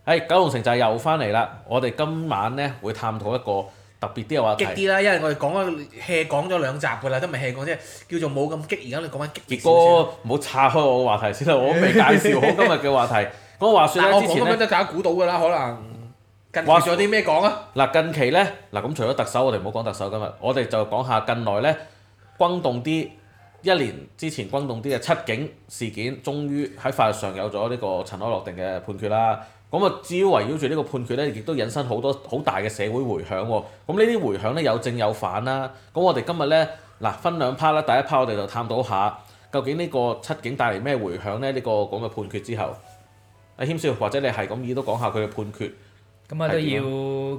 誒、哎，九龍城就又翻嚟啦！我哋今晚咧會探討一個特別啲嘅話題，激啲啦，因為我哋講咗 hea 講咗兩集嘅啦，都未係 hea 講啫，叫做冇咁激。而家你講緊激嘅事果。唔好冇岔開我嘅話題先啦， 我都未介紹好今日嘅話題。講 話説我講咁樣都大家估到㗎啦，可能。話說有啲咩講啊？嗱，近期咧嗱咁，除咗特首，我哋唔好講特首今日，我哋就講下近來咧轟動啲一,一年之前轟動啲嘅七警事件，終於喺法律上有咗呢個塵埃落定嘅判決啦。咁啊，至於圍繞住呢個判決咧，亦都引申好多好大嘅社會迴響喎。咁呢啲迴響咧有正有反啦。咁我哋今日咧嗱分兩 part 啦。第一 part 我哋就探討下究竟呢個七警帶嚟咩迴響咧？呢、這個講嘅、那個、判決之後，阿、哎、軒少或者你係咁意都講下佢嘅判決。咁啊都要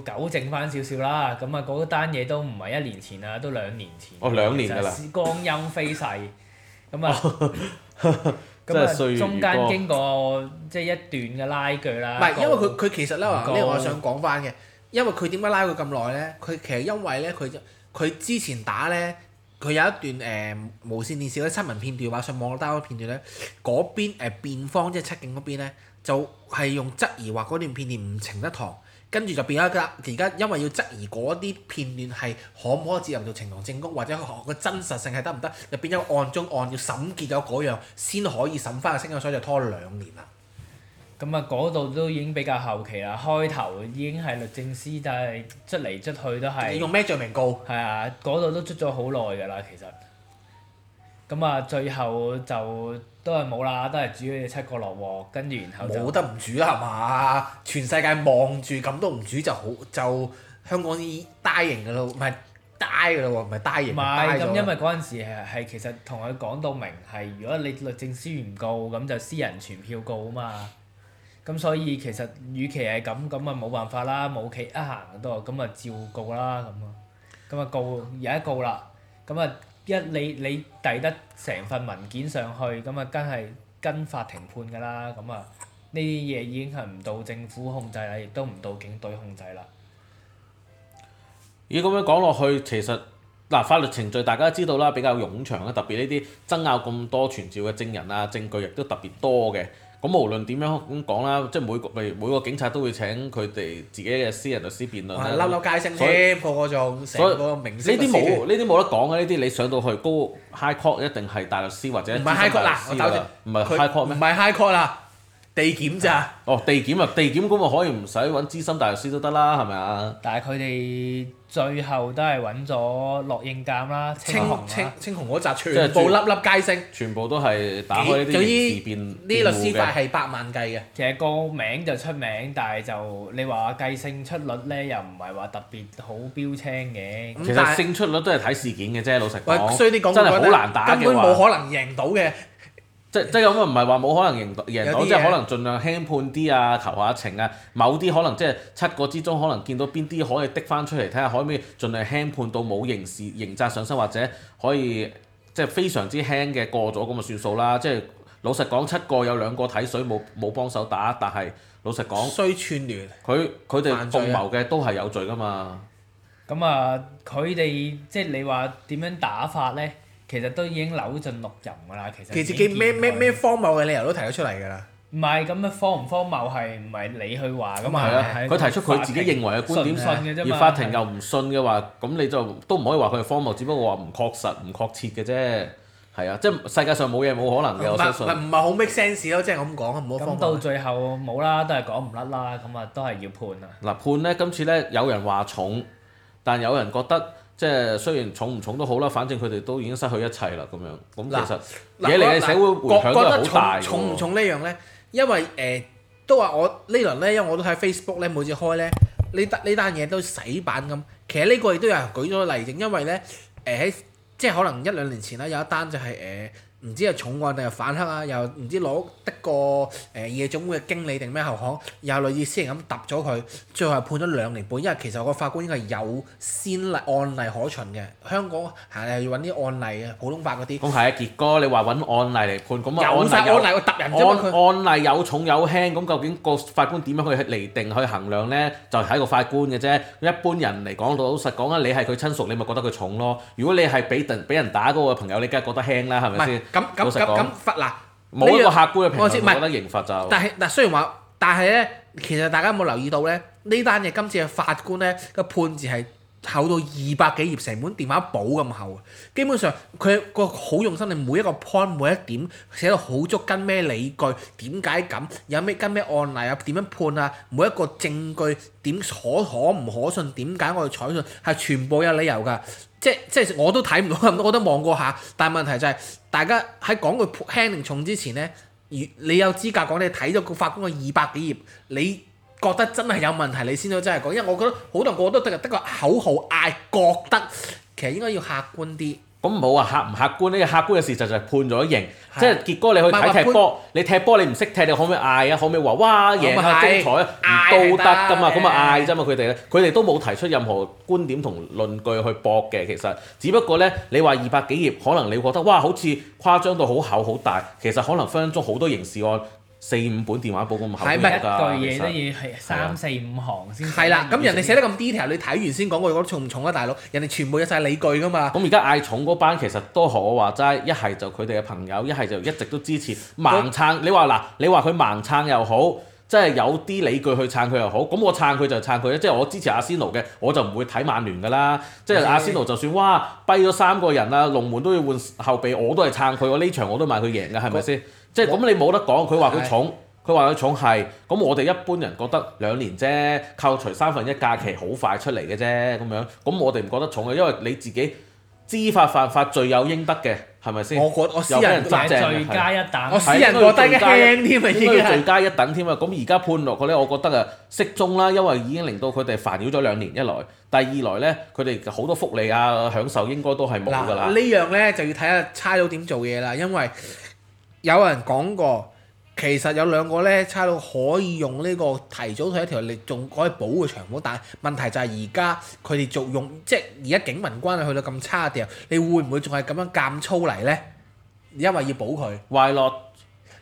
糾正翻少少啦。咁啊嗰單嘢都唔係一年前啊，都兩年前。哦，兩年㗎啦。是光陰飛逝。咁、那、啊、個。 咁啊，嗯、中間經過即係一段嘅拉鋸啦。唔係，因為佢佢其實咧，呢個我想講翻嘅。因為佢點解拉佢咁耐咧？佢其實因為咧，佢佢之前打咧，佢有一段誒、呃、無線電視嗰啲新聞片段話上網 download 嗰片段咧，嗰邊誒、呃、辯方即係七警嗰邊咧，就係、是、用質疑話嗰段片段唔呈得堂。跟住就變咗一間，而家因為要質疑嗰啲片段係可唔可以自由做呈堂證供，或者個真實性係得唔得？就變咗案中案，要審結咗嗰樣先可以審翻個聲案。所以就拖咗兩年啦。咁啊，嗰度都已經比較後期啦，開頭已經係律政司，但係出嚟出去都係。你用咩罪名告？係啊，嗰度都出咗好耐㗎啦，其實。咁啊，最後就都係冇啦，都係煮咗你七個落鑊，跟住然後就冇得唔煮啦，係嘛？全世界望住咁都唔煮就好就香港啲 dying 噶咯，唔係 die 噶啦喎，唔係 dying。唔係咁，因為嗰陣時係係其實同佢講到明係，如果你律政司唔告，咁就私人傳票告啊嘛。咁所以其實，與其係咁，咁啊冇辦法啦，冇企一行都，咁啊照告啦咁啊，咁啊告，而家告啦，咁啊。一你你遞得成份文件上去，咁啊，梗係跟法庭判㗎啦，咁啊，呢啲嘢已經係唔到政府控制啦，亦都唔到警隊控制啦。咦？咁樣講落去，其實嗱、啊、法律程序大家都知道啦，比較冗長啊，特別呢啲爭拗咁多傳召嘅證人啊，證據亦都特別多嘅。咁無論點樣咁講啦，即係每個譬如每個警察都會請佢哋自己嘅私人律師辯論，甩甩街聲添。以個以個仲成個明星。呢啲冇，呢啲冇得講嘅，呢啲、嗯、你上到去高 high court 一定係大律師或者唔係 high court 嗱。我打住唔係 high court 唔係 high court 啦。地檢咋？對哦，地檢啊，地檢噉咪可以唔使揾資深大律師都得啦，係咪啊？但係佢哋最後都係揾咗駱應淦啦，清清清洪清清洪嗰集全部粒粒皆勝，全部都係打開呢啲呢律師費係百萬計嘅，其實個名就出名，但係就你話計勝出率咧，又唔係話特別好標青嘅。嗯、其實勝出率都係睇事件嘅啫，老實講。衰啲講句真係好難打嘅話，根本冇可能贏到嘅。即即咁唔係話冇可能贏贏到，即係可能盡量輕判啲啊，求下情啊。某啲可能即係七個之中，可能見到邊啲可以的返出嚟睇下，可唔可以盡量輕判到冇刑事刑責上身，或者可以即係非常之輕嘅過咗咁就算數啦。即係老實講，七個有兩個睇水冇冇幫手打，但係老實講，衰串聯佢佢哋共謀嘅都係有罪㗎嘛。咁啊，佢哋即係你話點樣打法咧？其實都已經扭盡六壬噶啦，其實其實幾咩咩咩荒謬嘅理由都提咗出嚟噶啦。唔係咁樣，荒唔荒謬係唔係你去話㗎嘛？係啊，佢提出佢自己認為嘅觀點，而法庭又唔信嘅話，咁你就都唔可以話佢係荒謬，只不過話唔確實、唔確切嘅啫。係啊，即係世界上冇嘢冇可能嘅，我相信唔係唔係好 make sense 咯，即係我咁講啊，唔好荒謬。咁到最後冇啦，都係講唔甩啦，咁啊都係要判啊。嗱判咧，今次咧有人話重，但有人覺得。即係雖然重唔重都好啦，反正佢哋都已經失去一切啦，咁樣。咁其實嘢嚟嘅社會回響都係好大。重唔重呢樣咧？因為誒、呃、都話我呢輪咧，因為我都喺 Facebook 咧，每次開咧呢單呢單嘢都洗版咁。其實呢個亦都有人舉咗例證，因為咧誒喺即係可能一兩年前啦，有一單就係、是、誒。呃唔知係重案定係反黑啊？又唔知攞得個誒夜總會嘅經理定咩後巷，又類似私人咁揼咗佢，最後係判咗兩年半。因為其實個法官應該係有先例案例可循嘅，香港係要揾啲案例啊，普通法嗰啲。咁係啊，傑哥，你話揾案例嚟判，咁啊有案例揼人啫嘛？案案例有重有輕，咁究竟個法官點樣去釐定去衡量咧？就睇個法官嘅啫。一般人嚟講，老實講啊，你係佢親屬，你咪覺得佢重咯。如果你係俾鄧俾人打嗰個朋友，你梗係覺得輕啦，係咪先？咁咁咁咁法嗱，冇一個客觀嘅評判，我覺得刑罰就。但係雖然話，但係咧，其實大家有冇留意到咧？呢單嘢今次嘅法官咧個判字係。厚到二百幾頁，成本電話簿咁厚，基本上佢個好用心，你每一個 point 每一點寫到好足，跟咩理據？點解咁？有咩跟咩案例啊？點樣判啊？每一個證據點可可唔可信？點解我哋採信？係全部有理由㗎。即即我都睇唔到咁多，我都望過下。但問題就係，大家喺講佢輕定重之前咧，如你有資格講你睇咗個法官個二百幾頁，你。覺得真係有問題，你先都真係講，因為我覺得好多人個都得，得個口號嗌覺得，其實應該要客觀啲。咁唔好話，客唔客觀，呢個客觀嘅事實就係判咗刑，的即係傑哥你去睇踢波，你踢波你唔識踢，你可唔可以嗌啊？可唔可以話哇贏下精彩？唔道德㗎嘛，咁啊嗌啫嘛，佢哋咧，佢哋的都冇提出任何觀點同論據去駁嘅，其實，只不過咧，你話二百幾頁，可能你覺得哇好似誇張到好厚好大，其實可能分分鐘好多刑事案。四五本電話簿咁厚㗎，嗎實一句嘢都要係、啊、三四五行先。係啦、啊，咁人哋寫得咁 detail，你睇完先講句，覺得重唔重啊，大佬？人哋全部有晒理據㗎嘛。咁而家嗌重嗰班，其實都學我話齋，一係就佢哋嘅朋友，一係就一直都支持盲撐。那你話嗱，你話佢盲撐又好，即、就、係、是、有啲理據去撐佢又好。咁我撐佢就撐佢即係我支持阿仙奴嘅，我就唔會睇曼聯㗎啦。即、就、係、是、阿仙奴就算的哇，跛咗三個人啦，龍門都要換後備，我都係撐佢。我呢場我都買佢贏㗎，係咪先？即係咁，你冇得講。佢話佢重，佢話佢重係。咁我哋一般人覺得兩年啫，扣除三分一假期，好快出嚟嘅啫。咁樣，咁我哋唔覺得重嘅，因為你自己知法犯法，罪有應得嘅，係咪先？我我私人覺得我私人覺得輕添啊，已經。咁罪加一等添啊。咁而家判落去咧，我覺得啊，適中啦，因為已經令到佢哋煩擾咗兩年一來。第二來咧，佢哋好多福利啊、享受應該都係冇㗎啦。呢樣咧就要睇下差佬點做嘢啦，因為。有人講過，其實有兩個咧，差佬可以用呢個提早退休條例，仲可以補嘅長款。但問題就係而家佢哋仲用，即係而家警民關係去到咁差掉，你會唔會仲係咁樣監粗嚟咧？因為要補佢。Why not?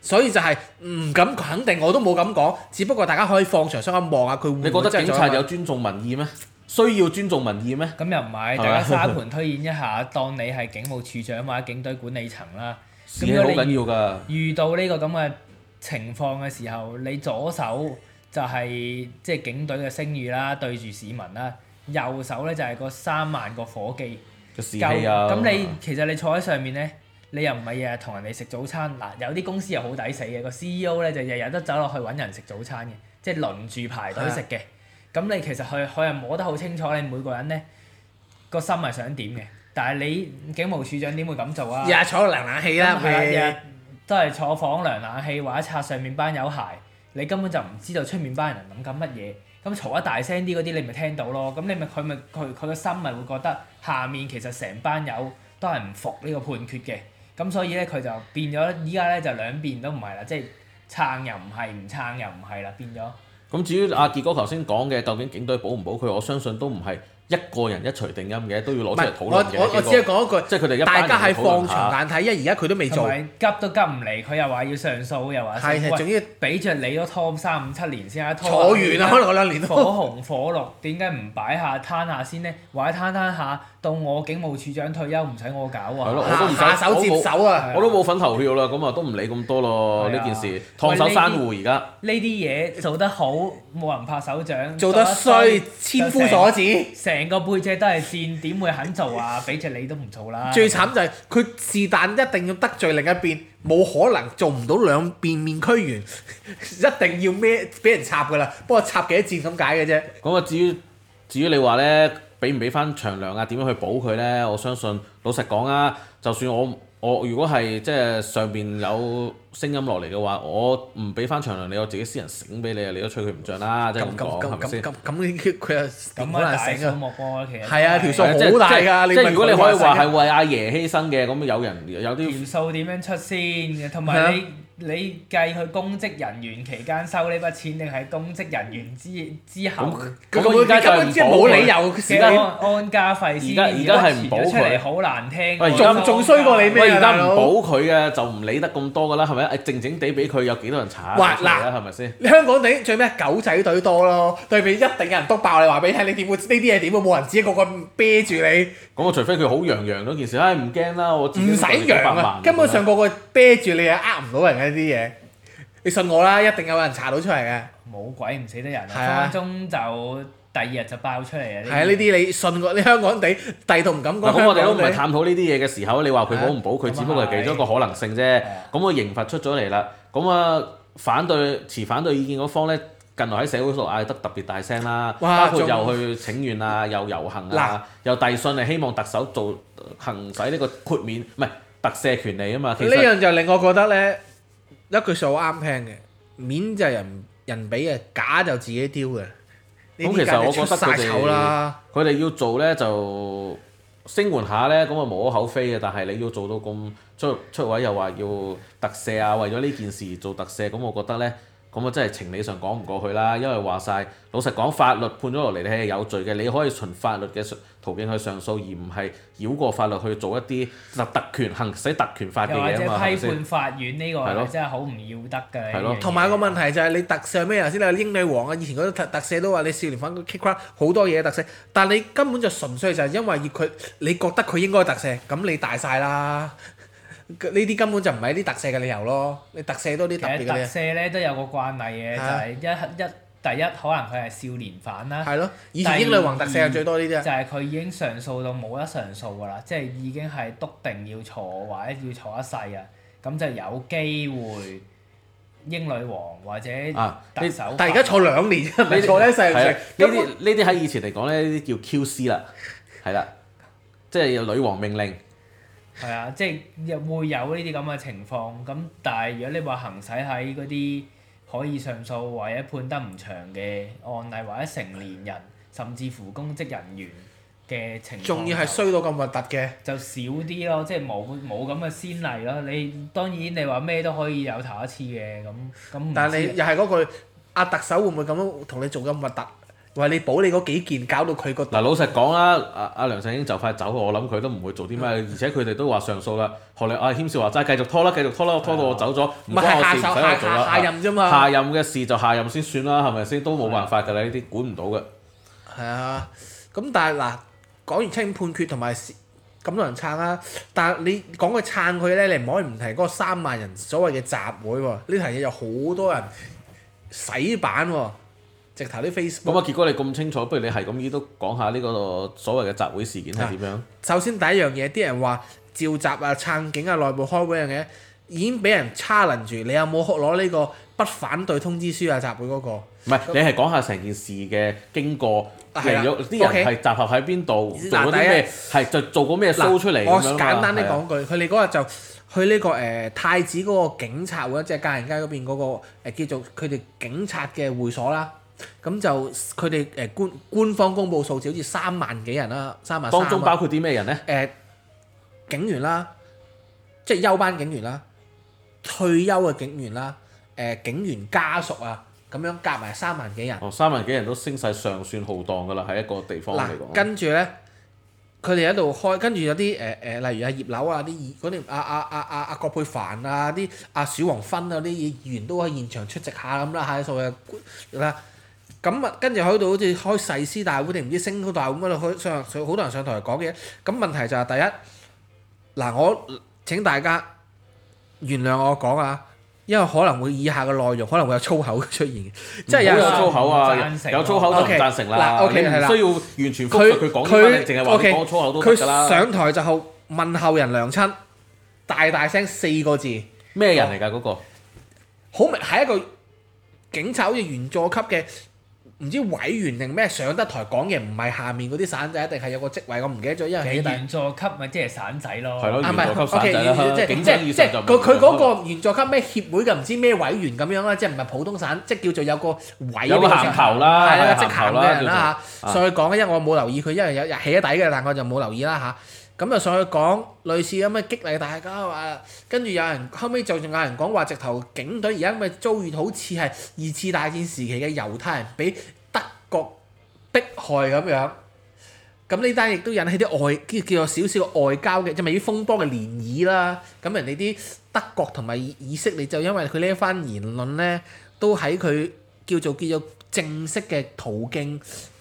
所以就係唔敢肯定，我都冇咁講。只不過大家可以放長雙眼望下佢。唔你覺得警察有尊重民意咩？需要尊重民意咩？咁又唔係，吧大家沙盤推演一下，當你係警務處長或者警隊管理層啦。咁重要㗎，如果你遇到呢個咁嘅情況嘅時候，你左手就係即係警隊嘅聲譽啦，對住市民啦，右手咧就係嗰三萬個伙計嘅士氣啊！咁你其實你坐喺上面咧，你又唔係日日同人哋食早餐嗱，有啲公司又好抵死嘅，個 CEO 咧就日日都走落去揾人食早餐嘅，即係輪住排隊食嘅。咁是的 你其實佢佢又摸得好清楚，你每個人咧個心係想點嘅。但係你警務處長點會咁做啊？日日坐個涼冷氣啦，日日都係坐房涼冷氣，或者擦上面班友鞋，你根本就唔知道出面班人諗緊乜嘢。咁嘈一大聲啲嗰啲，你咪聽到咯。咁你咪佢咪佢佢個心咪會覺得下面其實成班友都係唔服呢個判決嘅。咁所以咧，佢就變咗依家咧就兩邊都唔係啦，即係撐又唔係，唔撐又唔係啦，變咗、嗯。咁至於阿傑哥頭先講嘅，究竟警隊保唔保佢？我相信都唔係。一個人一槌定音嘅都要攞出嚟討論嘅。我只係講一句，即係佢哋一大家係放長眼睇，因為而家佢都未做，急都急唔嚟，佢又話要上訴，又話，係係，仲要俾着你都拖三五七年先，拖完啊，可能兩年都火紅火綠，點解唔擺下攤下先呢？或者攤攤下到我警務處長退休唔使我搞啊，下下手接手啊，我都冇份投票啦，咁啊都唔理咁多咯呢件事，燙手山芋而家。呢啲嘢做得好冇人拍手掌，做得衰千夫所指，成個背脊都係箭，點會肯做啊？俾隻你都唔做啦，啊。 最慘就係佢是但一定要得罪另一邊，冇可能做唔到兩邊面俱圓， 一定要孭俾人插噶啦？不過插幾多箭咁解嘅啫。咁啊， 至於至於你話咧，俾唔俾返長糧啊？點樣去補佢咧？我相信老實講啊，就算我。我如果係即係上邊有聲音落嚟嘅話，我唔俾翻長糧你，我自己私人醒俾你啊！你都吹佢唔脹啦，即係咁講係咪先？咁咁咁咁，呢啲佢又咁可能醒啊？係啊，條數好大㗎！即係如果你可以話係為阿爺犧牲嘅，咁有人有啲條數點樣出先？同埋你。你計佢公職人員期間收呢筆錢，定係公職人員之之後？佢根本根本冇理由嘅安安家費。而家而家係唔保佢，好難聽。喂、嗯，仲仲衰過你咩喂，而家唔保佢嘅就唔理得咁多㗎啦，係咪？誒靜靜地俾佢有幾多人查？話嗱係咪先？是是你香港地最咩？狗仔隊多咯，對面一定有人督爆你話俾你聽。你點會呢啲嘢點會冇人知？個個啤住你。咁我除非佢好揚揚嗰件事，唉唔驚啦，我唔使揚啊，根本上個個啤住你啊，呃唔到人嘅呢啲嘢，你信我啦，一定有人查到出嚟嘅，冇鬼唔死得人，分分鐘是、啊、就第二日就爆出嚟是啊！係啊，呢啲你信我，你香港地第度唔敢講，咁我哋都唔係探討呢啲嘢嘅時候，你話佢保唔保佢，是啊、只不過係其中一個可能性啫。咁個刑罰出咗嚟啦，咁啊反對持反對意見嗰方咧。近來喺社會度嗌得特別大聲啦，哇包括又去請願啊，麼又遊行啊，喇又遞信嚟希望特首做行使呢個豁免，唔係特赦權利啊嘛。其實呢樣就令我覺得呢，一句數好啱聽嘅，面就人人俾嘅，假就自己丟嘅。咁其實我覺得佢哋佢哋要做呢，就聲援下呢，咁啊無可厚非嘅。但係你要做到咁出出位，又話要特赦啊，為咗呢件事做特赦，咁我覺得呢。咁啊，真係情理上講唔過去啦，因為話晒。老實講，法律判咗落嚟你係有罪嘅，你可以循法律嘅途徑去上訴，而唔係繞過法律去做一啲立特權行使特權法嘅嘢啊嘛！又或者批判法院呢個係真係好唔要得嘅。係咯。同埋個問題就係你特赦咩？頭先你話英女王啊，以前嗰啲特特赦都話你少年犯 kick 好多嘢特赦，但係你根本就純粹就係因為佢，你覺得佢應該特赦，咁你大晒啦。呢啲根本就唔係啲特赦嘅理由咯，你特赦多啲特別特赦咧都有個慣例嘅，就係、是、一一第一可能佢係少年犯啦。係咯、啊，二以前英女王特赦係最多呢啲啊。就係佢已經上訴到冇得上訴㗎啦，即係已經係篤定要坐或者要坐一世啊。咁就有機會英女王或者特首、啊，但係而家坐兩年，唔係、啊、坐一世。呢啲呢啲喺以前嚟講咧，呢啲叫 Q.C. 啦，係啦，即係由女王命令。係啊，即係會有呢啲咁嘅情況。咁但係如果你話行使喺嗰啲可以上訴或者判得唔長嘅案例，或者成年人，甚至乎公職人員嘅情況，仲要係衰到咁核突嘅，就少啲咯。即係冇冇咁嘅先例咯。你當然你話咩都可以有頭一次嘅咁，但係你又係嗰句，阿、啊、特首會唔會咁樣同你做咁核突？話你保你嗰幾件，搞到佢個。嗱，老實講啦，阿阿梁振英就快走，我諗佢都唔會做啲咩，而且佢哋都話上訴啦。何立阿軒少話齋，繼續拖啦，繼續拖啦，拖到我走咗唔關我事，下手下下任啫嘛，下任嘅事就下任先算啦，係咪先都冇辦法㗎啦，呢啲管唔到嘅。係啊，咁但係嗱，講完清判決同埋咁多人撐啊，但係你講佢撐佢咧，你唔可以唔提嗰個三萬人所謂嘅集會喎，呢層嘢有好多人洗版喎。直頭啲 Facebook 咁啊，結果，你咁清楚，不如你係咁依都講下呢個所謂嘅集會事件係點樣？首先第一樣嘢，啲人話召集啊、撐警啊、內部開會樣嘢已經俾人 challenge。你有冇攞呢個不反對通知書啊？集會嗰個唔係，你係講下成件事嘅經過，係有啲人係集合喺邊度做啲咩？係就做過咩 show 出嚟。我簡單啲講句，佢哋嗰日就去呢個誒太子嗰個警察會，即係駕賢街嗰邊嗰個誒叫做佢哋警察嘅會所啦。咁就佢哋誒官官方公布數字好似三萬幾人啦，三萬三萬。當中包括啲咩人咧？誒警員啦，即係休班警員啦，退休嘅警員啦，誒警員家屬啊，咁樣夾埋三萬幾人。哦，三萬幾人都升晒尚算浩蕩噶啦，喺一個地方嚟講。跟住咧，佢哋喺度開，跟住有啲誒誒，例如啊葉劉啊啲，嗰啲阿阿阿阿阿郭佩凡啊啲，阿小王芬啊，啲議員都喺現場出席下咁啦，嚇所謂啦。咁啊，跟住喺度好似開誓師大會定唔知升旗大會咁樣，開上上好多人上台嚟講嘢。咁問題就係第一，嗱，我請大家原諒我講啊，因為可能會以下嘅內容可能會有粗口出現嘅，即係有粗口啊，有粗口都 OK，贊成啦，OK 係啦，需要完全佢佢 OK，佢上台就問候人娘親，大大聲四個字，咩人嚟㗎嗰個？好明係一個警察好似員佐級嘅。唔知委員定咩上得台講嘢，唔係下面嗰啲散仔，一定係有個職位，我唔記得咗，因為起底。原座級咪即係散仔咯，唔係，OK，即係即係佢佢嗰個原座級咩協會嘅唔知咩委員咁樣啦，即係唔係普通散，即係叫做有個位。有行頭啦，有行嘅人啦，嚇！所以講咧，因為我冇留意佢，因為有日起得底嘅，但我就冇留意啦，嚇。咁就上去講，類似咁嘅激勵大家話，跟住有人後尾就仲有人講話，直頭警隊而家咪遭遇好似係二次大戰時期嘅猶太人俾德國迫害咁樣。咁呢單亦都引起啲外，叫叫做少少外交嘅，就咪、是、啲風波嘅漣漪啦。咁人哋啲德國同埋以色列就因為佢呢一番言論咧，都喺佢叫做叫做正式嘅途徑。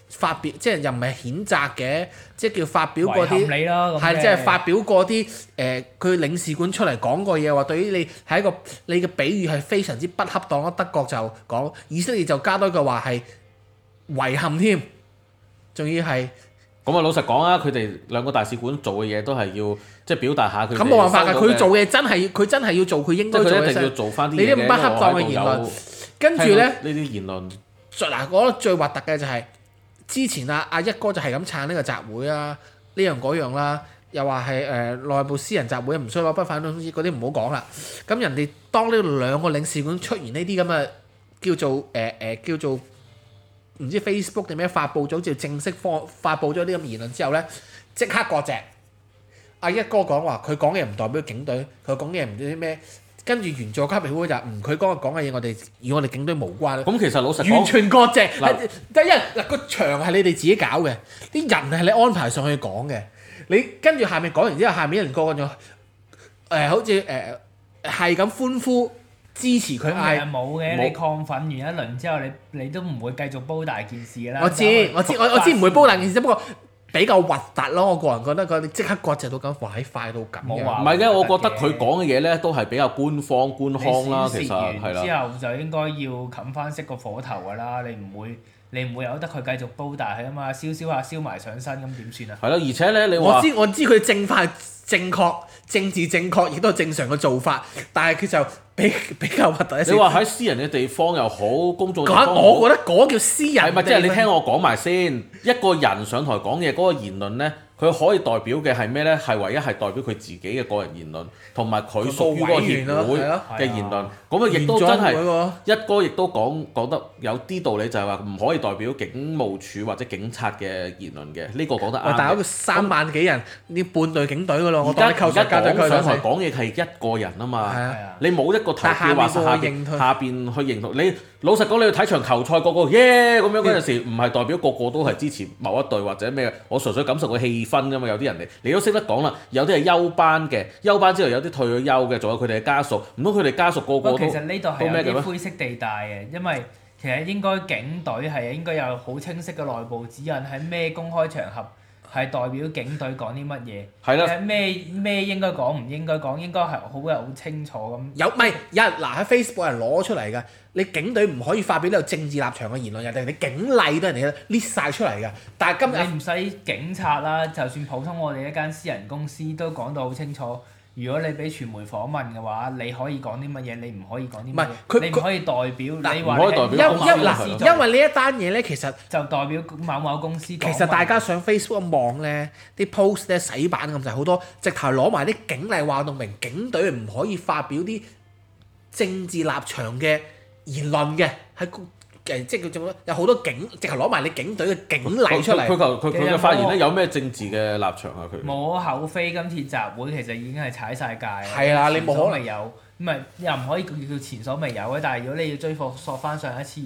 發表即係又唔係譴責嘅，即係叫發表過啲，係即係發表過啲誒。佢領事館出嚟講過嘢話，對於你係一個你嘅比喻係非常之不恰當咯。德國就講以色列就加多句話係遺憾添，仲要係咁啊！老實講啊，佢哋兩個大使館做嘅嘢都係要即係表達下佢。咁冇辦法㗎，佢做嘢真係佢真係要做佢應該做嘅。一定要做翻啲嘅。你啲不恰當嘅言論，跟住咧呢啲言論，嗱我覺得最核突嘅就係。之前啊，阿一哥就係咁撐呢個集會啊，呢樣嗰樣啦，又話係誒內部私人集會唔需要攞不反對通知，嗰啲唔好講啦。咁人哋當呢兩個領事館出現呢啲咁嘅叫做誒誒、呃、叫做唔知 Facebook 定咩發佈咗，好似正式發發佈咗啲咁嘅言論之後咧，即刻割席。阿、啊、一哥講話，佢講嘅唔代表警隊，佢講嘅唔知咩。跟住原作咖啡會就唔佢講嘅講嘅嘢，我哋與我哋警隊無關。咁其實老實講，完全割席。第一嗱，個場係你哋自己搞嘅，啲人係你安排上去講嘅。你跟住下面講完之後，下面人個個仲誒好似誒係咁歡呼支持佢。嗌冇嘅，你亢奮完一輪之後，你你都唔會繼續煲大件事㗎啦。我知我，我知發我知唔會煲大件事，只不過。比較核突咯，我個人覺得佢即刻割席到咁嘩喺快到咁嘅。唔係嘅，我覺得佢講嘅嘢咧都係比較官方官方啦，試試其實之後就應該要冚翻熄個火頭㗎啦，你唔會你唔會由得佢繼續煲大氣啊嘛，燒燒下燒埋上身咁點算啊？係咯，而且咧你我知我知佢正法正確政治正確，亦都係正常嘅做法，但係佢就。比比較核突，你話喺私人嘅地方又好，公眾講，我覺得嗰叫私人。係咪即係你聽我講埋先？ 一個人上台講嘢嗰個言論咧。佢可以代表嘅係咩咧？係唯一係代表佢自己嘅個人言論，同埋佢屬於嗰個協會嘅言論。咁啊，亦都真係一哥，亦都講講得有啲道理，就係話唔可以代表警務處或者警察嘅言論嘅。呢、這個講得啱。但係三萬幾人，呢那半隊警隊嘅咯，我覺得，求而家講上台講嘢係一個人啊嘛。的你冇一個投票下邊下邊面去認同、嗯、你。老實講，你去睇場球賽，嗰個耶咁樣嗰陣時，唔係代表個個都係支持某一隊或者咩。我純粹感受個氣氛啫嘛。有啲人嚟，你都識得講啦。有啲係休班嘅，休班之後有啲退咗休嘅，仲有佢哋嘅家屬。唔通佢哋家屬個個都咩？其實呢度係啲灰色地帶嘅，因為其實應該警隊係應該有好清晰嘅內部指引喺咩公開場合。係代表警隊講啲乜嘢？咩咩係咯，應該講唔應該講，應該係好鬼好清楚咁。有咪有人嗱喺 Facebook 係攞出嚟㗎？你警隊唔可以發表呢個政治立場嘅言論，人哋你警例都人哋咧列晒出嚟㗎。但係今日你唔使警察啦，就算普通我哋一間私人公司都講到好清楚。如果你俾傳媒訪問嘅話，你可以講啲乜嘢？你唔可以講啲乜嘢？唔係佢唔可以代表但你話嗱，因為一呢一單嘢咧，其實就代表某某公司。其實大家上 Facebook 一望咧，啲 post 咧洗版咁就好多，直頭攞埋啲警例話到明，警隊唔可以發表啲政治立場嘅言論嘅，係。誒，即係佢仲有好多警，直頭攞埋你警隊嘅警例出嚟。佢就佢嘅發言咧，有咩政治嘅立場啊？佢冇可厚非，今次集會其實已經係踩曬界。係啦、啊，你冇可未有，唔係又唔可以叫叫前所未有啊！但係如果你要追溯翻上一次，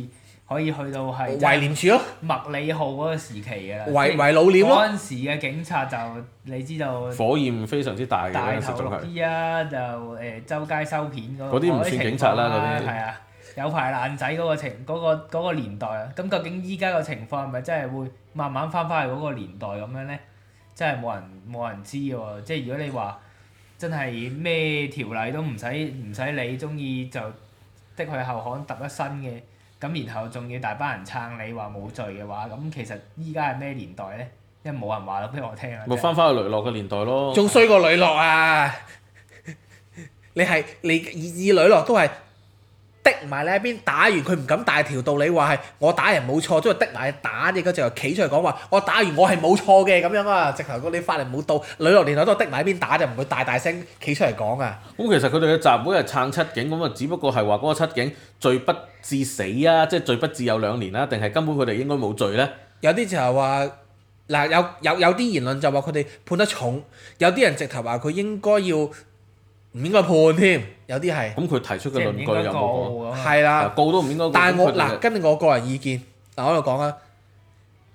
可以去到係懷念處咯，麥理浩嗰個時期嘅啦，懷懷老臉咯。嗰陣時嘅警察就你知道，火焰非常之大嘅，十足啲啊！就誒、呃，周街收片嗰。嗰啲唔算警察啦，嗰啲。係啊！些有排爛仔嗰個情嗰、嗰個嗰、嗰個年代啊！咁究竟依家個情況係咪真係會慢慢翻返去嗰個年代咁樣咧？真係冇人冇人知喎、哦！即係如果你話真係咩條例都唔使唔使理，中意就的去後巷揼一身嘅，咁然後仲要大班人撐你話冇罪嘅話，咁其實依家係咩年代咧？一冇人話到俾我聽啊！咪翻返去雷洛嘅年代咯，仲衰過雷洛啊！ 你係你,你以雷洛都係。的埋你喺邊打完，佢唔敢大條道理話係我打人冇錯，即係的埋你打呢個就企出嚟講話，我打完我係冇錯嘅咁樣啊！直頭個你法律冇到，女落電話都的埋喺邊打就唔會大大聲企出嚟講啊！咁、嗯、其實佢哋嘅集會係撐七警，咁啊，只不過係話嗰個七警罪不至死啊，即係罪不至有兩年啊。定係根本佢哋應該冇罪咧？有啲就係話嗱，有有有啲言論就話佢哋判得重，有啲人直頭話佢應該要。唔應該判添，有啲係。咁佢提出嘅論據又冇講？係啦，告都唔應該告。但係我嗱，根據我個人意見，嗱，我喺度講啊，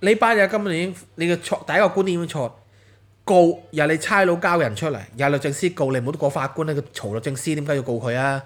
你班嘢今日你嘅錯，第一個觀點已經錯。告又係你差佬交人出嚟，又律政司告你，冇得告法官啦。佢嘈律政司，點解要告佢啊？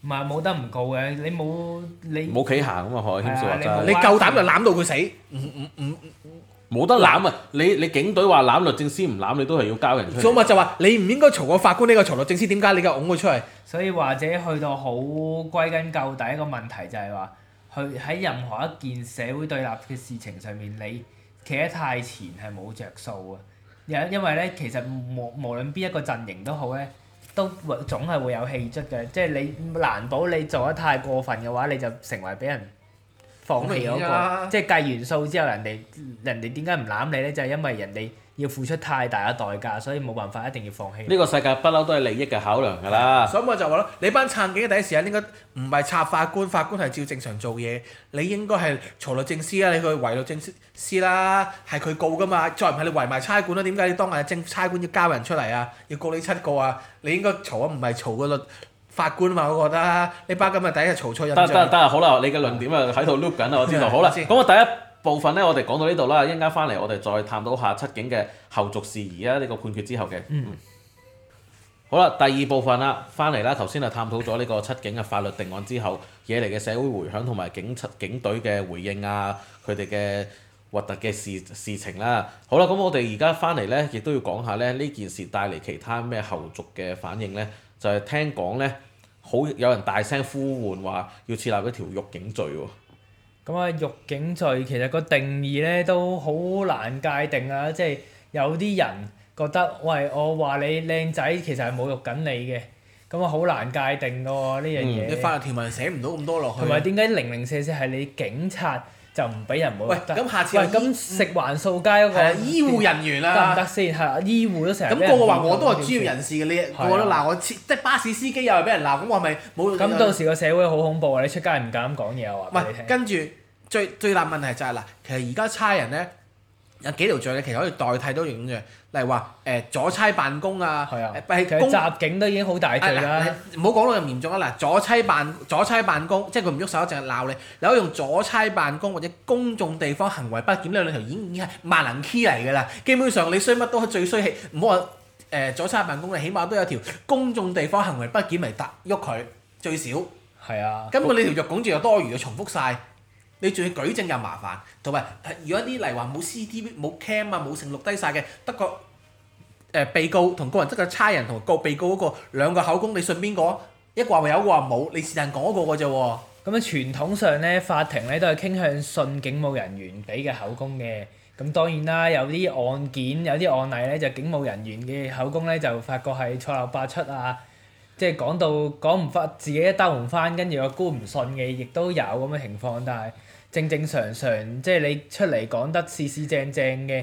唔係冇得唔告嘅，你冇你冇企行啊嘛。何愛添所講。你夠膽就攬到佢死！唔唔唔。冇得攬啊！你你警隊話攬律政司唔攬，你都係要交人出嚟。所以就話你唔應該嘈個法官，呢個嘈律政司，點解你又㧬佢出嚟？所以或者去到好歸根究底，一個問題就係話，佢喺任何一件社會對立嘅事情上面，你企得太前係冇着數啊！因因為咧，其實無無論邊一個陣營都好咧，都總係會有氣質嘅。即係你難保你做得太過分嘅話，你就成為俾人。放棄嗰、那個，啊、即係計完數之後，人哋人哋點解唔攬你咧？就係、是、因為人哋要付出太大嘅代價，所以冇辦法一定要放棄。呢個世界不嬲都係利益嘅考量㗎啦、嗯。所以我就話咯，你班撐警嘅第一時間應該唔係拆法官，法官係照正常做嘢。你應該係嘈律政司啊，你去圍律政司啦，係佢告㗎嘛。再唔係你圍埋差館啦。點解你當日嘅差館要交人出嚟啊？要告你七個啊？你應該嘈啊，唔係嘈嗰律。法官嘛，我覺得呢班今日第一嘈出印象。但但好啦，你嘅論點啊喺度 loop 緊啊，我知道。好啦，咁我 第一部分咧，我哋講到呢度啦。一陣間翻嚟，我哋再探討下七警嘅後續事宜啊，呢個判決之後嘅。嗯。嗯好啦，第二部分啦，翻嚟啦，頭先啊探討咗呢個七警嘅法律定案之後，惹嚟嘅社會回響同埋警察警隊嘅回應啊，佢哋嘅核突嘅事事情啦。好啦，咁我哋而家翻嚟咧，亦都要講下咧呢件事帶嚟其他咩後續嘅反應咧，就係聽講咧。好有人大聲呼喚話要設立嗰條辱警罪喎。咁啊，辱警罪其實個定義咧都好難界定啊！即係有啲人覺得，喂，我話你靚仔，其實係侮辱緊你嘅。咁啊，好難界定㗎喎呢樣嘢，嗯、你法律條文寫唔到咁多落去。同埋點解零零舍舍係你警察？就唔俾人冇。喂，咁下次。喂，咁食環掃街嗰個、啊。醫護人員啦、啊。得唔得先？係啊，醫護都成日。咁個個話我都係專業人士嘅，呢一個，個都鬧我，啊、即巴士司機又係俾人鬧，咁、啊、我咪冇。咁到時個社會好恐怖啊！嗯、你出街唔敢講嘢啊！話俾你聽。喂，跟住最最大問題就係、是、嗱，其實而家差人咧。有幾條罪嘅，其實可以代替多條嘅。例如話，誒、欸、阻差辦公啊，係啊，不係其實 公襲警都已經好大罪啦。唔好講到咁嚴重啊！嗱，阻差辦阻差辦公，即係佢唔喐手淨係鬧你，你可以用阻差辦公或者公眾地方行為不檢呢兩條已經係萬能 key 嚟㗎啦。基本上你衰乜都最衰氣，唔好話誒阻差辦公，你起碼都有一條公眾地方行為不檢嚟揼喐佢最少。啊、根本你條弱管仲有多餘嘅重複晒。你仲要舉證又麻煩，同埋如果啲嚟話冇 CCTV 冇 cam 啊、冇成錄低晒嘅，得個誒被告同個人得個差人同個被告嗰個兩個口供，你信邊個？一個話有，一個話冇，你是但講一個嘅啫喎。咁樣傳統上咧，法庭咧都係傾向信警務人員俾嘅口供嘅。咁當然啦，有啲案件有啲案例咧，就警務人員嘅口供咧就發覺係錯漏百出啊！即係講到講唔翻，自己兜唔翻，跟住又估唔信嘅，亦都有咁嘅情況，但係。但正正常常，即係你出嚟講得四四正正嘅，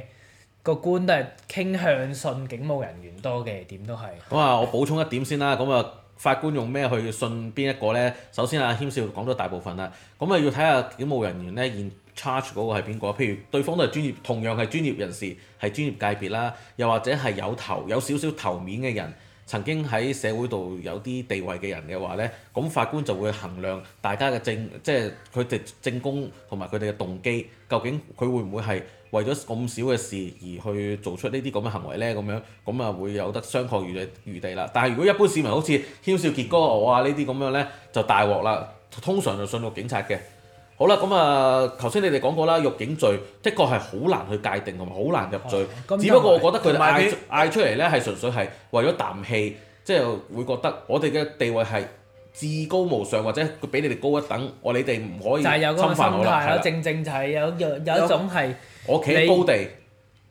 個官都係傾向信警務人員多嘅，點都係。咁話、嗯嗯啊、我補充一點先啦，咁、嗯、啊法官用咩去信邊一個咧？首先阿軒、啊、少講咗大部分啦，咁、嗯、啊要睇下警務人員咧現 charge 嗰個係邊個？譬如對方都係專業，同樣係專業人士，係專業界別啦，又或者係有頭有少少頭面嘅人。曾經喺社會度有啲地位嘅人嘅話咧，咁法官就會衡量大家嘅證，即係佢哋證供同埋佢哋嘅動機，究竟佢會唔會係為咗咁少嘅事而去做出呢啲咁嘅行為咧？咁樣咁啊會有得商榷餘嘅餘地啦。但係如果一般市民好似竊少傑哥我啊呢啲咁樣咧，就大鑊啦，通常就信個警察嘅。好啦，咁、嗯、啊，頭先你哋講過啦，辱警罪的確係好難去界定同埋好難入罪。哦、只不過我覺得佢哋嗌嗌出嚟咧，係純粹係為咗啖氣，即、就、係、是、會覺得我哋嘅地位係至高無上，或者佢比你哋高一等，我你哋唔可以侵犯我有個、啊、啦。正正就係有有一種係有我企喺高地。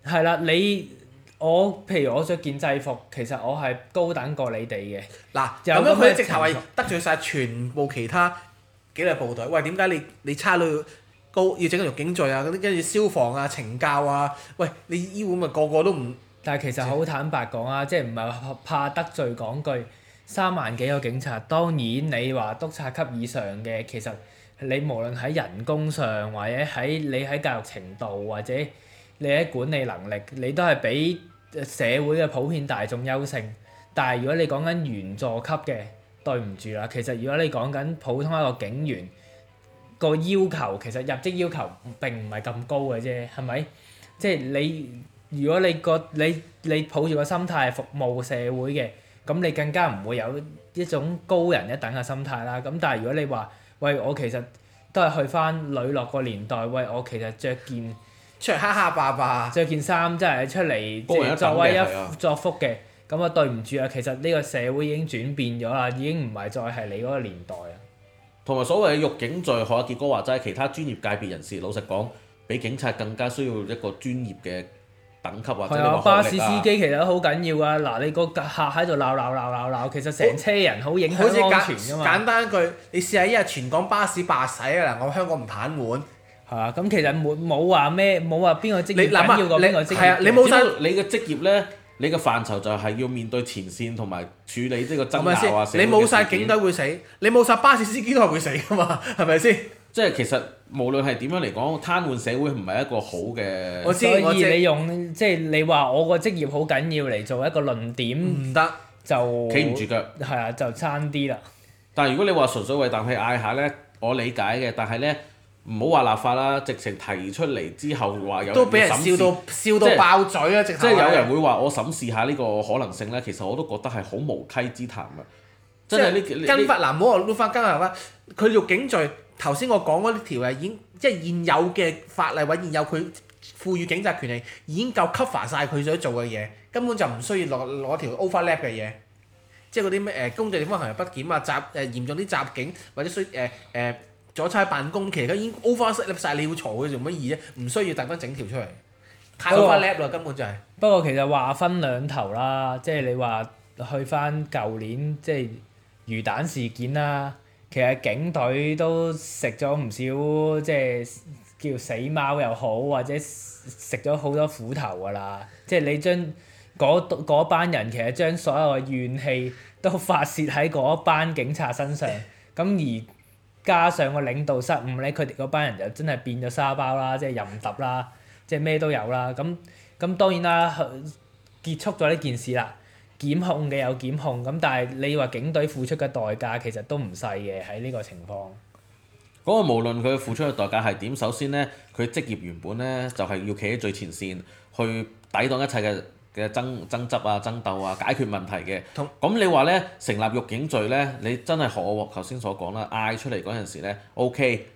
係啦，你我譬如我著件制服，其實我係高等過你哋嘅。嗱喊，咁樣佢直頭係得罪晒全部其他。幾大部隊？喂，點解你你差佬要高？要整個獄警罪啊！嗰啲跟住消防啊、懲教啊，喂，你醫護咪個個都唔？但係其實好坦白講啊，即係唔係怕得罪講句，三萬幾個警察，當然你話督察級以上嘅，其實你無論喺人工上，或者喺你喺教育程度，或者你喺管理能力，你都係比社會嘅普遍大眾優勝。但係如果你講緊員佐級嘅，對唔住啦，其實如果你講緊普通一個警員個要求，其實入職要求並唔係咁高嘅啫，係咪？即係你如果你個你你抱住個心態係服務社會嘅，咁你更加唔會有一種高人一等嘅心態啦。咁但係如果你話喂，我其實都係去翻女落個年代，喂，我其實著件，哈哈爸爸件出嚟黑黑霸霸，著件衫即係出嚟作威一是、啊、作福嘅。咁啊，對唔住啊，其實呢個社會已經轉變咗啦，已經唔係再係你嗰個年代啊。同埋所謂嘅辱警罪，結果話就係其他專業界別人士，老實講，比警察更加需要一個專業嘅等級或者、啊。係啊，巴士司機其實都好緊要啊！嗱，你個客喺度鬧鬧鬧鬧鬧，其實成車人好影響安全啊嘛、欸。簡單一句，你試下一日全港巴士罷駛啊！嗱，我香港唔癱瘓係嘛？咁其實沒冇話咩冇話邊個職業緊要過邊個職業？你冇薪你嘅職業咧，你個範疇就係要面對前線同埋處理呢個爭拗。你冇晒警隊會死，你冇晒巴士司機都係會死噶嘛？係咪先？即係其實無論係點樣嚟講，癱瘓社會唔係一個好嘅。我建議以你用即係你話我個職業好緊要嚟做一個論點唔得，行就企唔住腳。係啊，就差啲啦。但係如果你話純粹為啖氣嗌下咧，我理解嘅，但係咧。唔好話立法啦，直情提出嚟之後話有都俾人笑到是笑到爆嘴啊！即係是是有人會話我審視下呢個可能性咧，其實我都覺得係好無稽之談啊。即係呢幾年，跟法難唔好啊！攞翻跟法嚟啦。佢條警罪頭先我講嗰條啊，已經即係現有嘅法例或者現有佢賦予警察權力，已經夠 cover 晒佢想做嘅嘢，根本就唔需要攞攞條 overlap 嘅嘢。即係嗰啲咩誒公眾地方行為不檢啊，襲誒嚴重啲襲警或者襲誒誒。阻差辦公，其實而家已經 overlap 曬，你要嘈佢做乜嘢啫？唔需要特登整條出嚟，太 overlap 啦，根本就係。不過其實話分兩頭啦，即係你話去翻舊年，即係魚蛋事件啦，其實警隊都食咗唔少，即係叫死貓又好，或者食咗好多苦頭噶啦。即係你將嗰嗰班人其實將所有嘅怨氣都發泄喺嗰班警察身上，咁 而。加上個領導失誤咧，佢哋嗰班人就真係變咗沙包啦，即係任揼啦，即係咩都有啦。咁咁當然啦，結束咗呢件事啦，檢控嘅有檢控，咁但係你話警隊付出嘅代價其實都唔細嘅喺呢個情況。嗰個無論佢付出嘅代價係點，首先咧，佢職業原本咧就係要企喺最前線去抵擋一切嘅。嘅爭爭執啊、爭鬥啊、解決問題嘅，咁同你話咧成立辱警罪咧，你真係何？頭先所講啦，嗌出嚟嗰陣時咧，O.K.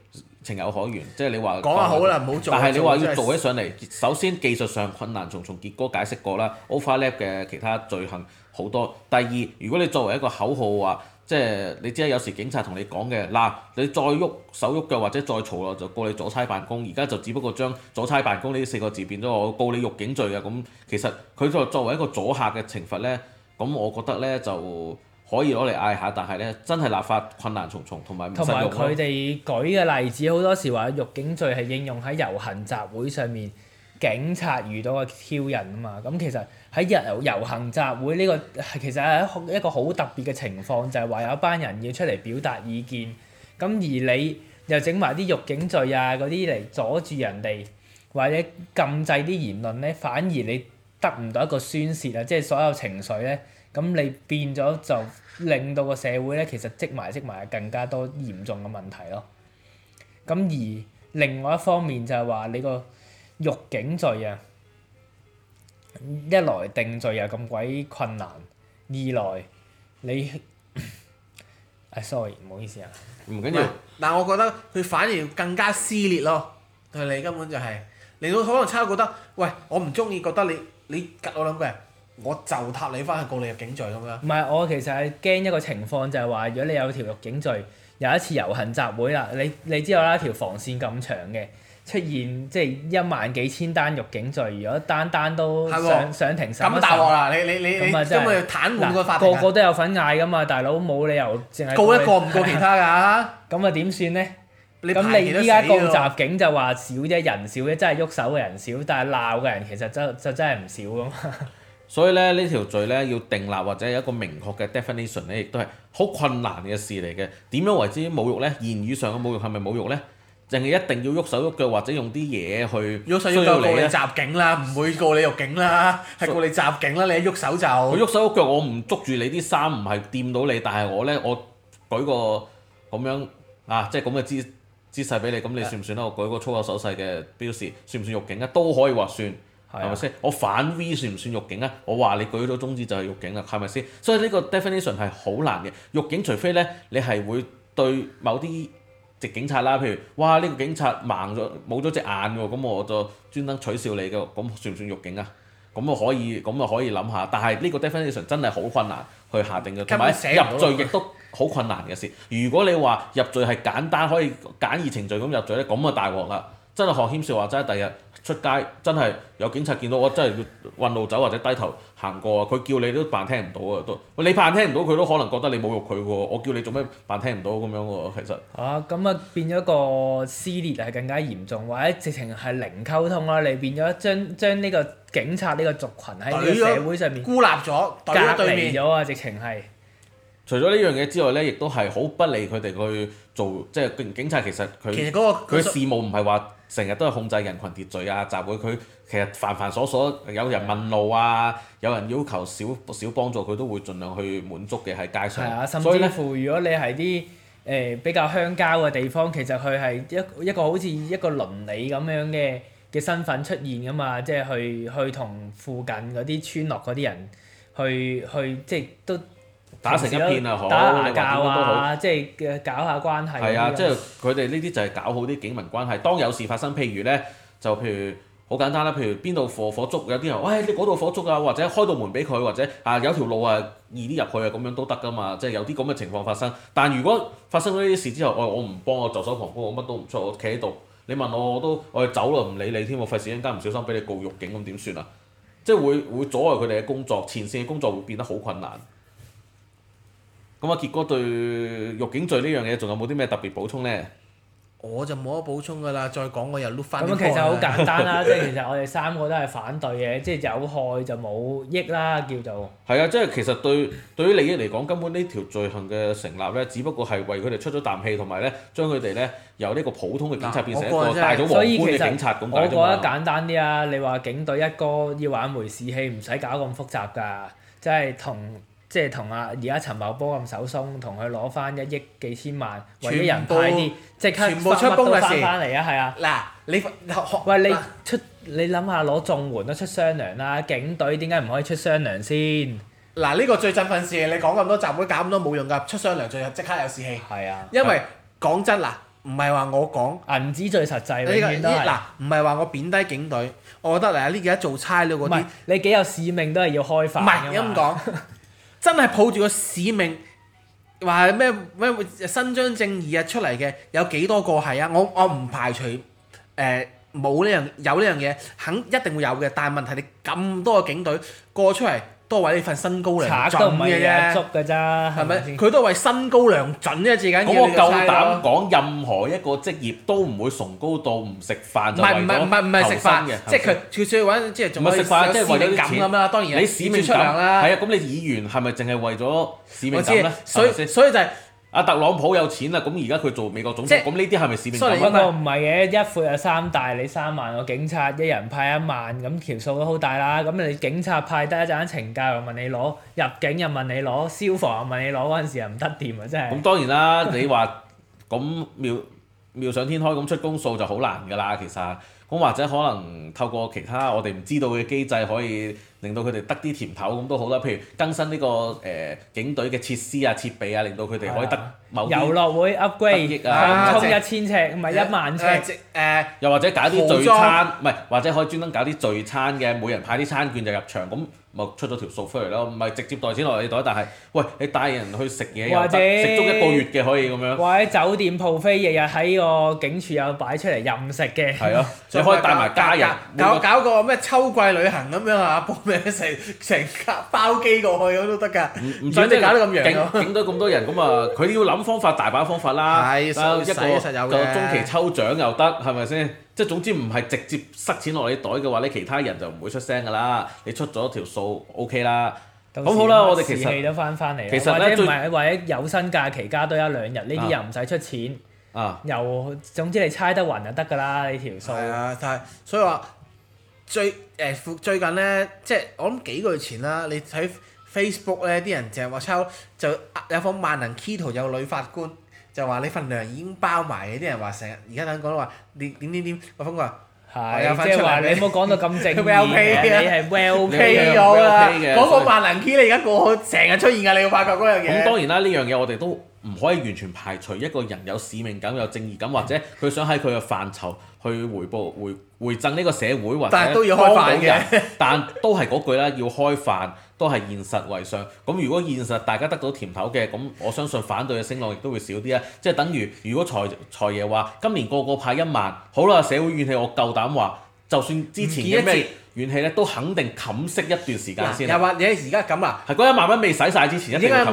情有可原，即、就、係、是、你話講就好啦，唔好做。但係你話要做起上嚟，是首先技術上困難重重，傑哥解釋過啦，overlap 嘅其他罪行好多。第二，如果你作為一個口號嘅話，即係你知啊，有時警察同你講嘅，嗱、啊，你再喐手喐腳或者再嘈啦，就告你阻差辦公。而家就只不過將阻差辦公呢四個字變咗我告你辱警罪嘅咁、嗯。其實佢作作為一個阻嚇嘅懲罰咧，咁、嗯、我覺得咧就可以攞嚟嗌下。但係咧真係立法困難重重，同埋唔識。同埋佢哋舉嘅例子好多時話辱警罪係應用喺遊行集會上面。警察遇到嘅挑釁啊嘛，咁其實喺日遊行集會呢個，其實係一一個好特別嘅情況，就係話有一班人要出嚟表達意見，咁而你又整埋啲辱警罪啊嗰啲嚟阻住人哋，或者禁制啲言論咧，反而你得唔到一個宣泄啊，即係所有情緒咧，咁你變咗就令到個社會咧，其實積埋積埋更加多嚴重嘅問題咯。咁而另外一方面就係話你個。辱警罪啊！一來定罪又咁鬼困難，二來你，啊 sorry 唔好意思啊，唔緊要，但係我覺得佢反而更加撕裂咯。對你根本就係、是，你可能差唔多覺得，喂，我唔中意，覺得你你吉我諗嘅，我就塔你翻去告你辱警罪咁樣。唔係，我其實係驚一個情況，就係話，如果你有條辱警罪，有一次遊行集會啦，你你知道啦，一條防線咁長嘅。出現即係、就是、一萬幾千單辱警罪，如果單單都上上庭審，咁大鑊啦！你你你你，咁咪即係癱瘓，個個都有份嗌噶嘛，大佬冇理由淨係告一個唔告其他㗎、啊，咁啊點算咧？咁你依家告襲警就話少啫，人少啫，真係喐手嘅人少，但係鬧嘅人其實就就真係唔少噶嘛。所以咧，呢條罪咧要定立或者有一個明確嘅 definition 咧，亦都係好困難嘅事嚟嘅。點樣為之侮辱咧？言語上嘅侮辱係咪侮辱咧？淨係一定要喐手喐腳或者用啲嘢去喐手喐腳，唔會告你襲警啦，唔會告你辱警啦，係告你襲警啦。你一喐手就佢喐手喐腳，我唔捉住你啲衫，唔係掂到你，但係我咧，我舉個咁樣啊，即係咁嘅姿姿勢俾你，咁你算唔算咧？啊、我舉個粗口手勢嘅標示，算唔算辱警啊？都可以話算，係咪先？我反 V 算唔算辱警啊？我話你舉咗中指就係辱警啦，係咪先？所以呢個 definition 係好難嘅。辱警除非咧，你係會對某啲。直警察啦，譬如哇，呢個警察盲咗冇咗隻眼喎，咁我就專登取笑你嘅，咁算唔算辱警啊？咁啊可以，咁啊可以諗下，但係呢個 definition 真係好困難去下定嘅，同埋入罪亦都好困難嘅事。如果你話入罪係簡單可以簡易程序咁入罪咧，咁啊大鑊啦。真係學謙笑話，真係第日出街，真係有警察見到我，真係要彎路走或者低頭行過啊！佢叫你都扮聽唔到啊！都你扮聽唔到，佢都可能覺得你侮辱佢喎！我叫你做咩扮聽唔到咁樣喎？其實啊，咁啊變咗個撕裂係更加嚴重，或者直情係零溝通啦！你變咗將將呢個警察呢個族群喺呢個社會上面孤立咗，隔離咗啊！直情係除咗呢樣嘢之外咧，亦都係好不利佢哋去做，即係警察其實佢其實嗰個佢事務唔係話。成日都係控制人群秩序啊，集會佢其實繁繁瑣瑣，有人問路啊，有人要求少少幫助佢都會盡量去滿足嘅，喺街上，甚至乎如果你係啲誒比較鄉郊嘅地方，其實佢係一個一個好似一個鄰里咁樣嘅嘅身份出現噶嘛，即係去去同附近嗰啲村落嗰啲人去去即係都。打成一片啊，好，打成一片啊，好即係嘅搞下關係。係啊，似即係佢哋呢啲就係搞好啲警民關係。當有事發生，譬如咧就譬如好簡單啦，譬如邊度火火燭，有啲人，喂、哎，你嗰度火燭啊，或者開道門俾佢，或者啊有條路啊易啲入去啊，咁樣都得噶嘛。即係有啲咁嘅情況發生，但如果發生咗呢啲事之後，我我唔幫我袖手旁觀，我乜都唔出，我企喺度，你問我我都我走啦，唔理你添喎。費事一陣間唔小心俾你告獄警咁點算啊？即係會會阻礙佢哋嘅工作，前線嘅工作會變得好困難。咁啊，結果對辱警罪呢樣嘢仲有冇啲咩特別補充咧？我就冇得補充噶啦，再講我又碌返。咁啊，其實好簡單啦，即係其實我哋三個都係反對嘅，即係有害就冇益啦，叫做。係啊，即係其實對對於利益嚟講，根本呢條罪行嘅成立咧，只不過係為佢哋出咗啖氣，同埋咧將佢哋咧由呢個普通嘅警察變成一個戴咗皇冠嘅警察咁，簡單啲。我覺得簡單啲啊！你話警隊一哥要挽回士氣，唔使搞咁複雜噶，即係同。即係同阿而家陳茂波咁手鬆，同佢攞翻一億幾千萬，為咗人派啲即刻，全部出工嘅事翻翻嚟啊！係啊，嗱，你喂你出你諗下攞綜援都出雙糧啦，警隊點解唔可以出雙糧先？嗱，呢個最振奮事，你講咁多集會搞咁多冇用㗎，出雙糧最後即刻有士氣。係啊，因為講真嗱，唔係話我講銀紙最實際，永遠都係嗱，唔係話我貶低警隊，我覺得嚟啊呢幾日做差佬嗰啲，你幾有使命都係要開飯。唔係咁講。真係抱住個使命，話咩咩會伸張正義啊，出嚟嘅，有幾多個係啊？我我唔排除誒冇呢樣有呢樣嘢，肯一定會有嘅。但係問題你咁多個警隊過出嚟，都為呢份薪高糧準嘅啫，係咪？佢都為薪高糧準啫，最緊要。我夠膽講，任何一個職業都唔會崇高到唔食飯，唔係唔係唔係食飯嘅，即係佢佢主要揾即係仲可以有市民感咁啦。當然，你市民出糧啦。係啊，咁你議員係咪淨係為咗市民感所以所以就係。阿特朗普有錢啦，咁而家佢做美國總統，咁呢啲係咪市面十分？所唔係嘅，一闊有三大，你三萬個警察，一人派一萬，咁條數都好大啦。咁你警察派得，一陣間懲教又問你攞，入境又問你攞，消防又問你攞嗰陣時又唔得掂啊！真係。咁當然啦，你話咁妙妙想天開咁出公數就好難㗎啦，其實。咁或者可能透過其他我哋唔知道嘅機制，可以令到佢哋得啲甜頭咁都好啦。譬如更新呢、呢個誒、呃、警隊嘅設施啊、設備啊，令到佢哋可以得某啲、啊、遊樂會 upgrade 啊，充一千尺唔係一萬尺。誒、啊、又或者搞啲聚餐，唔係裝或者可以專登搞啲聚餐嘅，每人派啲餐券就入場，咁咪出咗條數出嚟咯。唔係直接袋錢落你袋，但係喂，你帶人去食嘢又得，食者足一個月嘅可以咁樣。或者酒店 buffet 日日喺個警署有擺出嚟任食嘅。係啊。 你可以帶埋家人，搞搞個咩秋季旅行咁樣嚇，報名成成架包機過去咁都得㗎，唔使你搞得咁樣，整到咁多人咁啊！佢要諗方法，大把方法啦，啊一個個中期抽獎又得，係咪先？即係總之唔係直接塞錢落你袋嘅話咧，其他人就唔會出聲㗎啦。你出咗條數 OK 啦，好唔好啦？我哋其實氣都翻返嚟，或者唔係或者有薪假期加多一兩日，呢啲又唔使出錢。啊！又總之你猜得暈就得㗎啦，呢條數。係啊，但係所以話最誒、欸，最近咧，即係我諗幾個月前啦，你睇 Facebook 咧，啲人就話抄就有封萬能 key 圖，有女法官就話你份糧已經包埋嘅，啲人話成日而家都講話你點點點，阿風哥啊，係即係話你唔好講到咁正，佢 OK 你係 well ok 咗啦，嗰個萬能 key 個你而家過好成日出現㗎，你會發覺嗰樣嘢。咁當然啦，呢樣嘢我哋都。唔可以完全排除一個人有使命感、有正義感，或者佢想喺佢嘅範疇去回報、回回贈呢個社會，或者幫到人，但都要開飯嘅，但， 但都係嗰句啦，要開飯都係現實為上。咁如果現實大家得到甜頭嘅，咁我相信反對嘅聲浪亦都會少啲啊！即係等於如果財財爺話今年個個派一萬，好啦，社會怨氣我夠膽話。就算之前嘅啲怨氣咧，都肯定冚熄一段時間先。又話嘢而家咁啊，係嗰一萬蚊未使晒之前一定冚熄。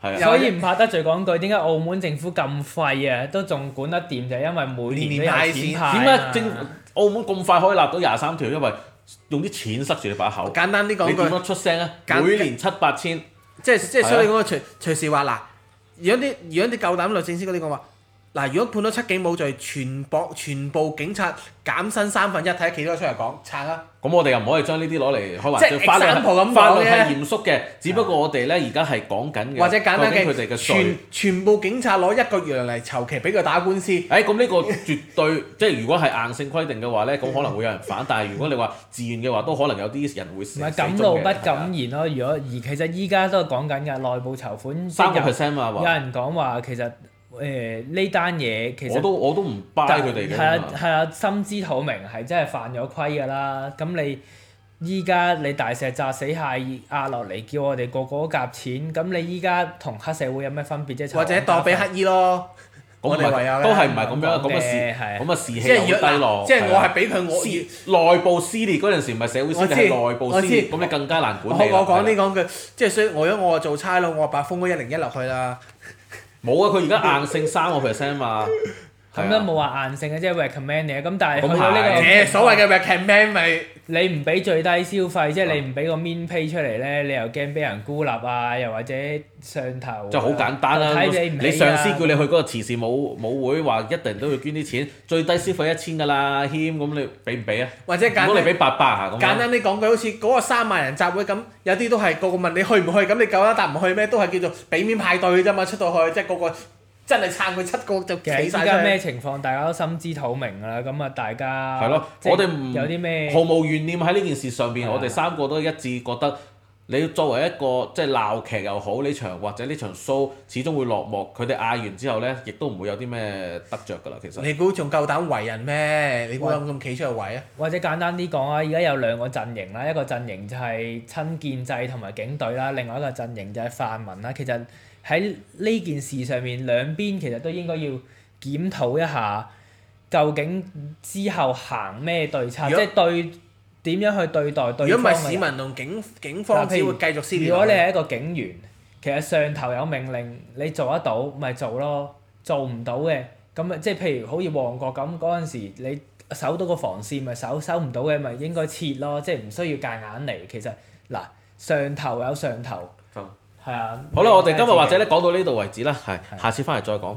的所以唔怕得罪講句，點解澳門政府咁廢啊？都仲管得掂就係因為每年都有錢派。點解政澳門咁快可以立到廿三條？因為用啲錢塞住你把口。簡單啲講句。你點樣出聲啊？簡每年七八千。即係即係，即所以講隨的隨時話嗱，如果啲如果啲夠膽律政師律政司嗰啲講話。嗱，如果判咗七警冇罪，全部全部警察減薪三分一，睇下幾多出嚟講撐啊！咁我哋又唔可以將呢啲攞嚟開玩笑翻啦，法律係嚴肅嘅，只不過我哋咧而家係講緊嘅，或者佢哋嘅稅，全全部警察攞一個月嚟籌期俾佢打官司。誒，咁呢個絕對即係如果係硬性規定嘅話咧，咁可能會有人反。但係如果你話自願嘅話，都可能有啲人會死忠嘅。敢怒不敢言咯。如果而其實依家都係講緊嘅內部籌款，三個 percent 有人講話其實。誒，呢單嘢其實我都我都唔 buy 佢哋嘅。係啊，係啊，心知肚明係真係犯咗規噶啦。咁你依家你大石砸死蟹壓落嚟，叫我哋個個夾錢。咁你依家同黑社會有咩分別啫？或者當俾黑衣咯，我哋都係唔係咁樣？咁啊士，咁啊士氣即係我係俾佢我內部撕裂嗰陣時，唔係社會撕裂，內部撕裂。咁你更加難管。我我講啲，講句，即係所以我如果我做差佬，我把封嗰一零一落去啦。冇啊！佢而家硬性三個 percent 啊嘛。咁都冇話硬性嘅，即係 recommend 嘅。咁但係去到呢個所謂嘅 recommend，咪你唔俾最低消費，啊、即係你唔俾個 min pay 出嚟咧，你又驚俾人孤立啊，又或者上頭。即係好簡單啦，啊，你，啊、你上司叫你去嗰個慈善舞舞會，話一定都要捐啲錢，最低消費一千㗎啦，添咁你俾唔俾啊？或者俾八百啊，簡單啲講句，好似嗰個三萬人集會咁，有啲都係個個問你去唔去，咁你夠膽答唔去咩都係叫做俾面派對㗎啫嘛，出到去即係嗰個。真係撐佢七個就企晒。其實而家咩情況？大家都心知肚明啦。咁啊，大家係咯，的即我哋唔有啲咩毫無懸念喺呢件事上邊。的我哋三個都一致覺得，你作為一個即係鬧劇又好，呢場或者呢場 show 始終會落幕。佢哋嗌完之後咧，亦都唔會有啲咩得着噶啦。其實你估仲夠膽圍人咩？你估有冇咁企出嚟圍啊？或者簡單啲講啊，而家有兩個陣營啦，一個陣營就係親建制同埋警隊啦，另外一個陣營就係泛民啦。其實。喺呢件事上面，兩邊其實都應該要檢討一下，究竟之後行咩對策？果即係對點樣去對待對方？如果唔係市民同警警方，只會繼續撕裂，如果你係一個警員，其實上頭有命令，你做得到咪做咯，做唔到嘅咁咪，即係譬如好似旺角咁嗰陣時你，你守到個防線咪守，守唔到嘅咪應該撤咯，即係唔需要夾硬嚟。其實嗱，上頭有上頭。嗯、好啦，我哋今日或者咧講到呢度為止啦，係下次翻嚟再講。